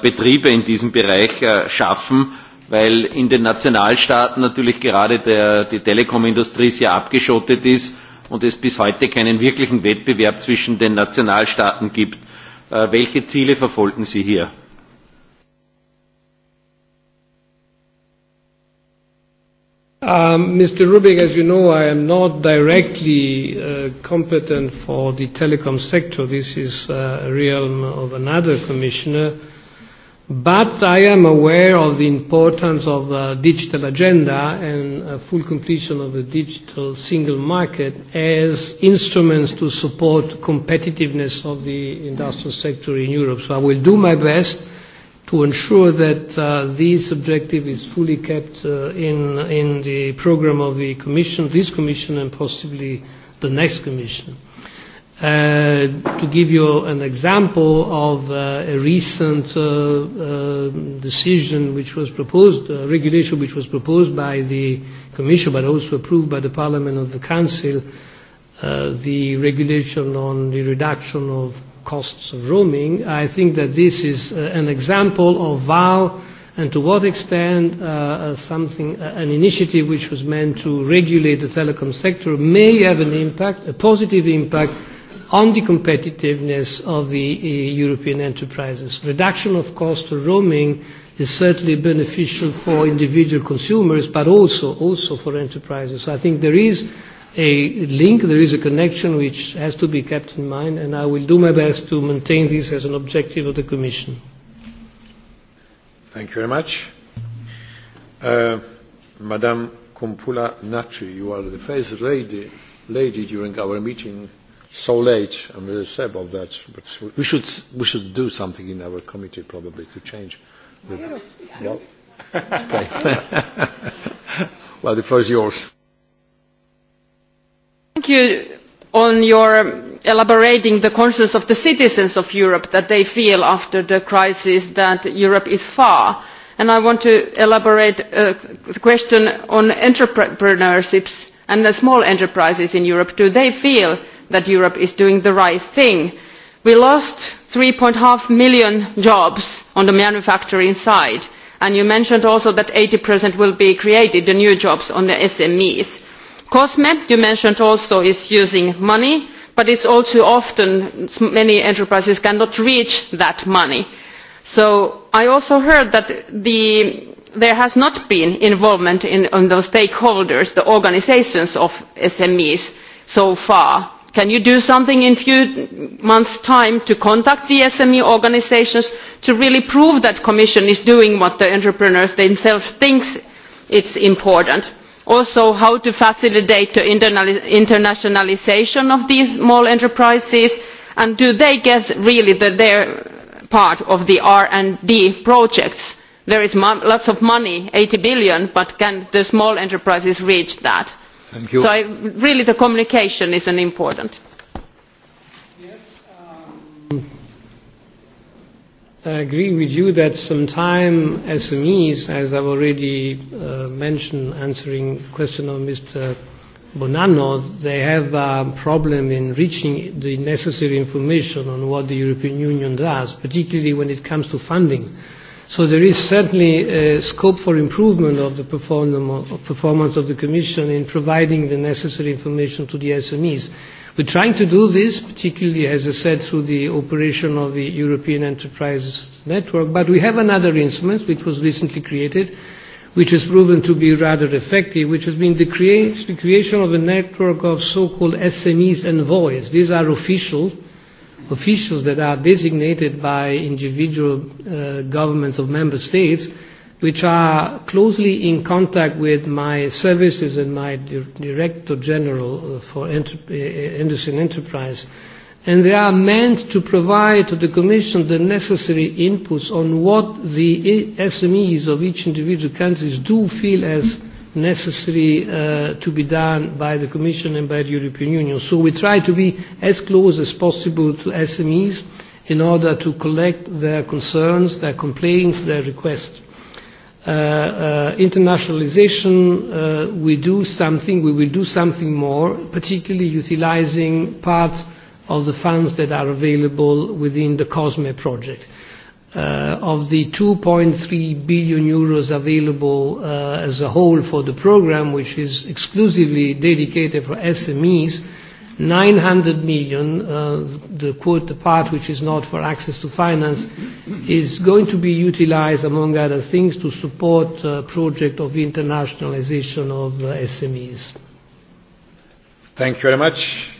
Betriebe in diesem Bereich schaffen? Weil in den Nationalstaaten natürlich gerade der, die Telekomindustrie sehr abgeschottet ist und es bis heute keinen wirklichen Wettbewerb zwischen den Nationalstaaten gibt. Äh, welche Ziele verfolgen Sie hier? Um, uh, Mr. Rubik, as you know, I am not directly uh, competent for the telecom sector. This is uh, a realm of another commissioner. But I am aware of the importance of the digital agenda and a uh, full completion of the digital single market as instruments to support competitiveness of the industrial sector in Europe. So I will do my best to ensure that uh, this objective is fully kept uh, in, in the program of the Commission, this Commission and possibly the next Commission. Uh, to give you an example of uh, a recent uh, uh, decision which was proposed, a uh, regulation which was proposed by the Commission but also approved by the Parliament of the Council, uh, the regulation on the reduction of costs of roaming, I think that this is uh, an example of how and to what extent uh, uh something, uh, an initiative which was meant to regulate the telecom sector may have an impact, a positive impact, on the competitiveness of the uh, European enterprises. Reduction of cost to roaming is certainly beneficial for individual consumers, but also, also for enterprises. So I think there is a link, there is a connection which has to be kept in mind, and I will do my best to maintain this as an objective of the Commission. Thank you very much. Uh, Madame Kumpula Natri, you are the first lady, lady during our meeting so late, I'm we say about that, but we should, we should do something in our committee probably to change. The, well, okay. *laughs* well, the floor is yours. Thank you on your um, elaborating the conscience of the citizens of Europe that they feel after the crisis that Europe is far. And I want to elaborate uh, the question on entrepreneurships and the small enterprises in Europe. Do they feel that Europe is doing the right thing. We lost 3.5 million jobs on the manufacturing side, and you mentioned also that 80% will be created, the new jobs on the SMEs. COSME, you mentioned also, is using money, but it's all too often many enterprises cannot reach that money. So I also heard that the, there has not been involvement in on the stakeholders, the organizations of SMEs so far. Can you do something in a few months' time to contact the SME organisations to really prove that the Commission is doing what the entrepreneurs themselves think is important? Also, how to facilitate the internationalisation of these small enterprises, and do they get really the, their part of the R&D projects? There is lots of money, 80 billion, but can the small enterprises reach that? So I, really the communication is an important. Yes, um, I agree with you that sometime SMEs, as I've already uh, mentioned answering question of Mr. Bonanno, they have a problem in reaching the necessary information on what the European Union does, particularly when it comes to funding So there is certainly a uh, scope for improvement of the performance of the Commission in providing the necessary information to the SMEs. We're trying to do this, particularly, as I said, through the operation of the European Enterprise Network, but we have another instrument which was recently created, which has proven to be rather effective, which has been the, crea the creation of a network of so-called SMEs envoys. These are official officials that are designated by individual uh, governments of member states which are closely in contact with my services and my di director general uh, for uh, industry uh, and enterprise. And they are meant to provide to the Commission the necessary inputs on what the e-, SMEs of each individual countries do feel as necessary uh, to be done by the Commission and by the European Union. So we try to be as close as possible to SMEs in order to collect their concerns, their complaints, their requests. Uh, uh, internationalization, uh, we do something, we will do something more, particularly utilizing part of the funds that are available within the COSME project uh, of the 2.3 billion euros available uh, as a whole for the program, which is exclusively dedicated for SMEs, 900 million, uh, the quote, the part which is not for access to finance, is going to be utilized, among other things, to support uh, project of internationalization of uh, SMEs. Thank you very much.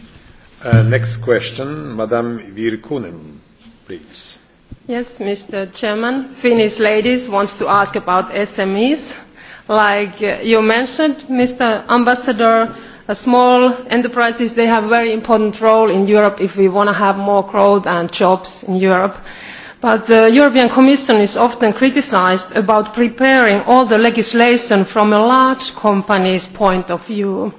Uh, next question, Madame Virkunen, please. Yes, Mr. Chairman, Finnish ladies wants to ask about SMEs. Like uh, you mentioned, Mr. Ambassador, small enterprises, they have a very important role in Europe if we want to have more growth and jobs in Europe. But the European Commission is often criticized about preparing all the legislation from a large company's point of view.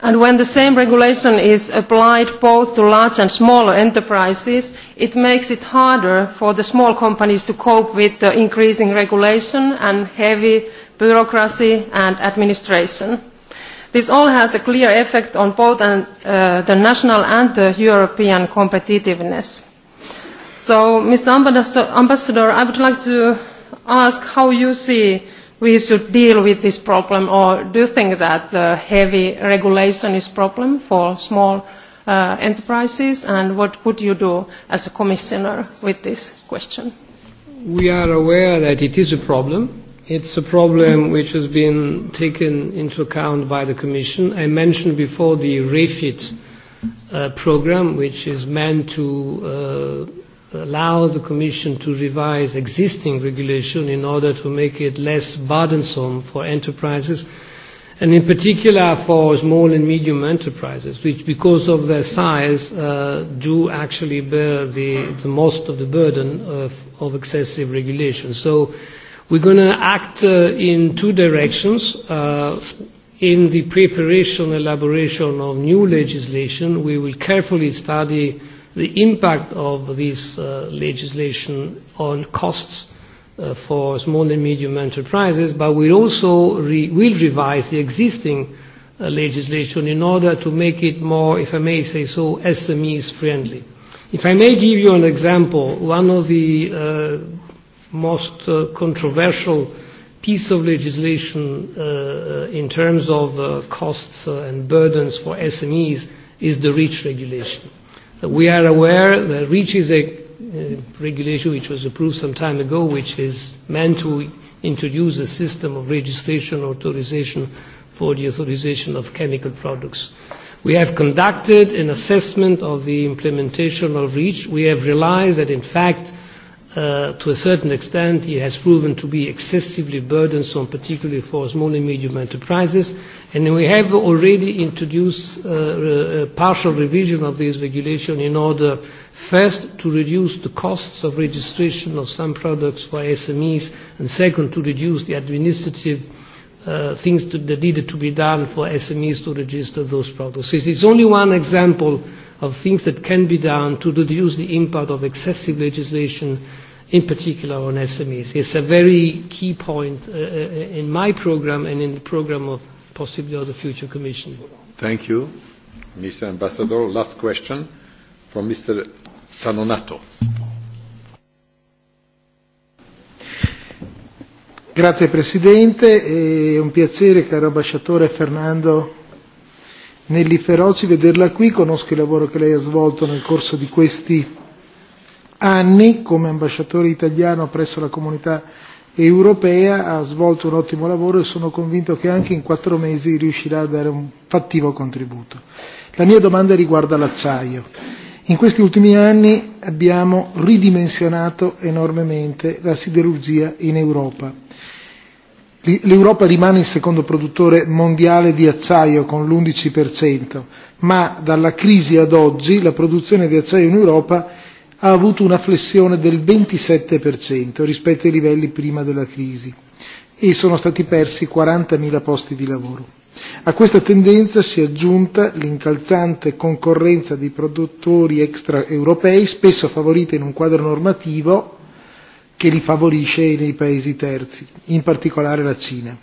And when the same regulation is applied both to large and smaller enterprises, it makes it harder for the small companies to cope with the increasing regulation and heavy bureaucracy and administration. This all has a clear effect on both an, uh, the national and the European competitiveness. So, Mr. Ambassador, I would like to ask how you see we should deal with this problem or do you think that the heavy regulation is a problem for small uh, enterprises and what would you do as a commissioner with this question? We are aware that it is a problem. It's a problem which has been taken into account by the Commission. I mentioned before the REFIT uh, program, which is meant to uh, allow the Commission to revise existing regulation in order to make it less burdensome for enterprises and in particular for small and medium enterprises, which because of their size uh, do actually bear the, the most of the burden of, of excessive regulation. So we're going to act uh, in two directions. Uh, in the preparation, elaboration of new legislation, we will carefully study the impact of this uh, legislation on costs uh, for small and medium enterprises, but we also re will revise the existing uh, legislation in order to make it more, if I may say so, SMEs friendly. If I may give you an example, one of the uh, most uh, controversial pieces of legislation uh, uh, in terms of uh, costs uh, and burdens for SMEs is the REACH regulation. We are aware that REACH is a uh, regulation which was approved some time ago, which is meant to introduce a system of registration authorization for the authorization of chemical products. We have conducted an assessment of the implementation of REACH. We have realized that, in fact, uh, to a certain extent, it has proven to be excessively burdensome, particularly for small and medium enterprises. And we have already introduced uh, a partial revision of this regulation in order, first, to reduce the costs of registration of some products for SMEs, and second, to reduce the administrative uh, things to, that needed to be done for SMEs to register those products. This is only one example of things that can be done to reduce the impact of excessive legislation in particular on SMEs. It's a very key point uh, uh, in my program and in the program of possibly of the future Commission. Thank you, Mr. Ambassador. Last question from Mr. Sanonato. Grazie Presidente, è e un piacere caro ambasciatore Fernando Nelli Feroci vederla qui, conosco il lavoro che lei ha svolto nel corso di questi anni come ambasciatore italiano presso la comunità europea, ha svolto un ottimo lavoro e sono convinto che anche in quattro mesi riuscirà a dare un fattivo contributo. La mia domanda riguarda l'acciaio. In questi ultimi anni abbiamo ridimensionato enormemente la siderurgia in Europa. L'Europa rimane il secondo produttore mondiale di acciaio con l'11%, ma dalla crisi ad oggi la produzione di acciaio in Europa ha avuto una flessione del 27% rispetto ai livelli prima della crisi e sono stati persi 40.000 posti di lavoro. A questa tendenza si è aggiunta l'incalzante concorrenza dei produttori extraeuropei, spesso favorita in un quadro normativo che li favorisce nei paesi terzi, in particolare la Cina.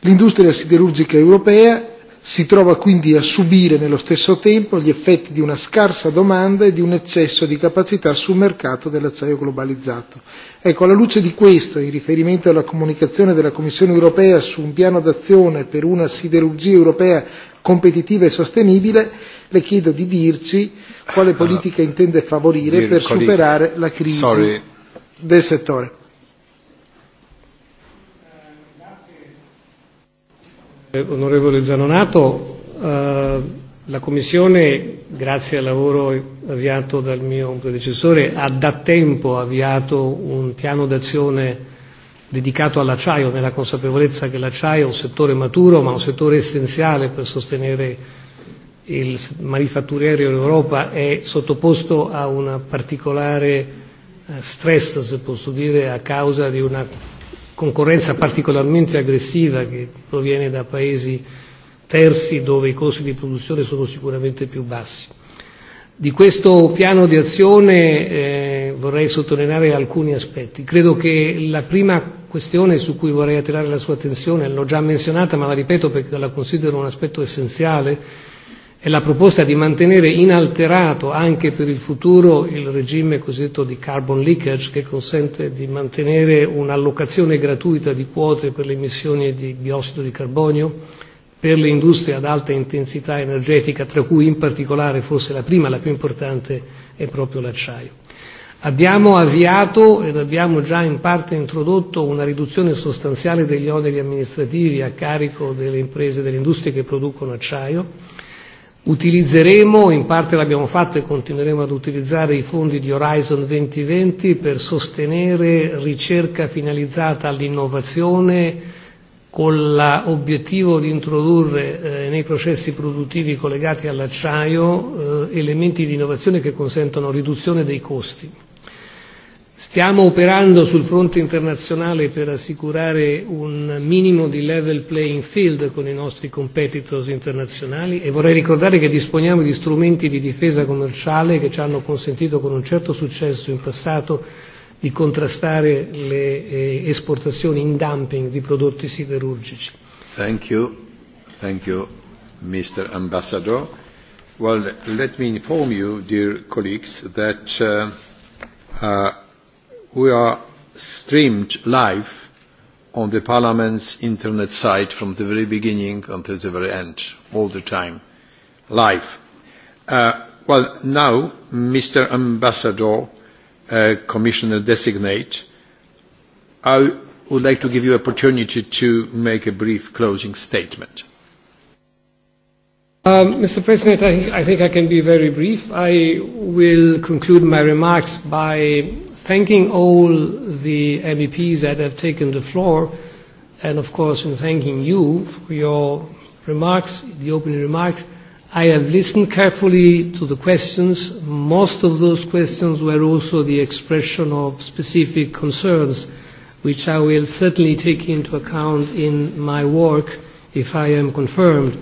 L'industria siderurgica europea Si trova quindi a subire nello stesso tempo gli effetti di una scarsa domanda e di un eccesso di capacità sul mercato dell'acciaio globalizzato. Ecco, alla luce di questo, in riferimento alla comunicazione della Commissione europea su un piano d'azione per una siderurgia europea competitiva e sostenibile, le chiedo di dirci quale politica intende favorire per superare la crisi del settore. Eh, onorevole Zanonato, eh, la Commissione, grazie al lavoro avviato dal mio predecessore, ha da tempo avviato un piano d'azione dedicato all'acciaio, nella consapevolezza che l'acciaio è un settore maturo ma un settore essenziale per sostenere il manifatturiero in Europa è sottoposto a un particolare eh, stress, se posso dire, a causa di una concorrenza particolarmente aggressiva che proviene da paesi terzi dove i costi di produzione sono sicuramente più bassi. Di questo piano di azione eh, vorrei sottolineare alcuni aspetti. Credo che la prima questione su cui vorrei attirare la sua attenzione, l'ho già menzionata ma la ripeto perché la considero un aspetto essenziale, è la proposta di mantenere inalterato anche per il futuro il regime cosiddetto di carbon leakage che consente di mantenere un'allocazione gratuita di quote per le emissioni di biossido di carbonio per le industrie ad alta intensità energetica, tra cui in particolare forse la prima, la più importante, è proprio l'acciaio. Abbiamo avviato ed abbiamo già in parte introdotto una riduzione sostanziale degli oneri amministrativi a carico delle imprese e delle industrie che producono acciaio, Utilizzeremo, in parte l'abbiamo fatto e continueremo ad utilizzare i fondi di Horizon 2020 per sostenere ricerca finalizzata all'innovazione con l'obiettivo di introdurre eh, nei processi produttivi collegati all'acciaio eh, elementi di innovazione che consentano riduzione dei costi Stiamo operando sul fronte internazionale per assicurare un minimo di level playing field con i nostri competitors internazionali e vorrei ricordare che disponiamo di strumenti di difesa commerciale che ci hanno consentito con un certo successo in passato di contrastare le eh, esportazioni in dumping di prodotti siderurgici. Thank you. Thank you, Mr. Ambassador. Well, let me inform you, dear colleagues, that uh, uh, we are streamed live on the Parliament's internet site from the very beginning until the very end, all the time, live. Uh, well, now, Mr. Ambassador, uh, Commissioner Designate, I would like to give you opportunity to make a brief closing statement. Um, uh, Mr. President, I, I think I can be very brief. I will conclude my remarks by thanking all the MEPs that have taken the floor and of course in thanking you for your remarks, the opening remarks. I have listened carefully to the questions. Most of those questions were also the expression of specific concerns, which I will certainly take into account in my work if I am confirmed.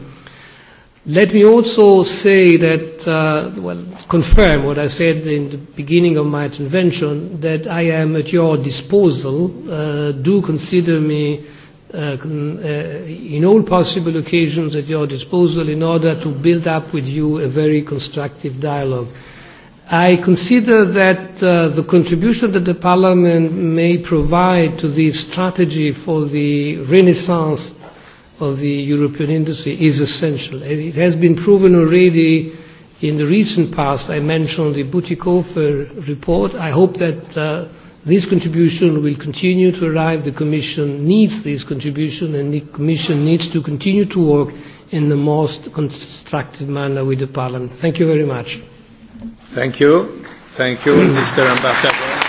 Let me also say that, uh, well, confirm what I said in the beginning of my intervention, that I am at your disposal. Uh, do consider me uh, con uh, in all possible occasions at your disposal in order to build up with you a very constructive dialogue. I consider that uh, the contribution that the Parliament may provide to the strategy for the renaissance of the European industry is essential. It has been proven already in the recent past. I mentioned the Butikofer report. I hope that uh, this contribution will continue to arrive. The Commission needs this contribution and the Commission needs to continue to work in the most constructive manner with the Parliament. Thank you very much. Thank you. Thank you, Mr. Ambassador.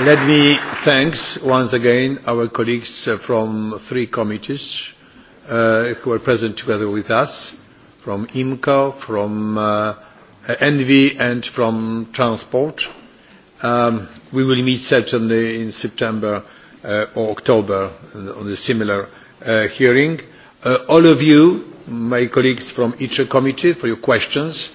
Let me thank once again our colleagues uh, from three committees uh, who are present together with us, from IMCO, from uh, ENVI and from Transport. Um, we will meet certainly in September uh, or October on a similar uh, hearing. Uh, all of you, my colleagues from each committee, for your questions,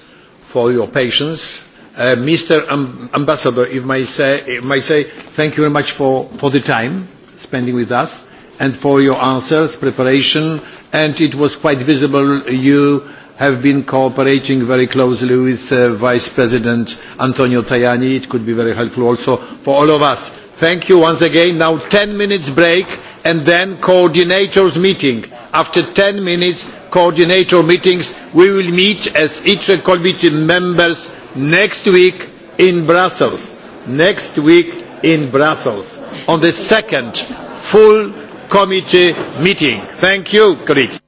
for your patience Uh, Mr. Um, Ambassador, if I say, may say thank you very much for, for the time spending with us and for your answers, preparation, and it was quite visible you have been cooperating very closely with uh, Vice President Antonio Tajani. It could be very helpful also for all of us. Thank you once again. Now 10 minutes break and then coordinators meeting. After 10 minutes coordinator meetings, we will meet as each committee members next week in Brussels. Next week in Brussels on the second full committee meeting. Thank you, colleagues.